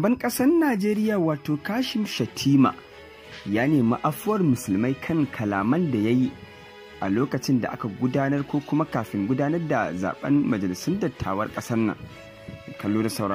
Shugaban ƙasar Najeriya wato Kashim Shatima ya nemi afuwar musulmai kan kalaman da ya yi a lokacin da aka gudanar ko kuma kafin gudanar da zaben majalisun dattawar ƙasar nan. Kallo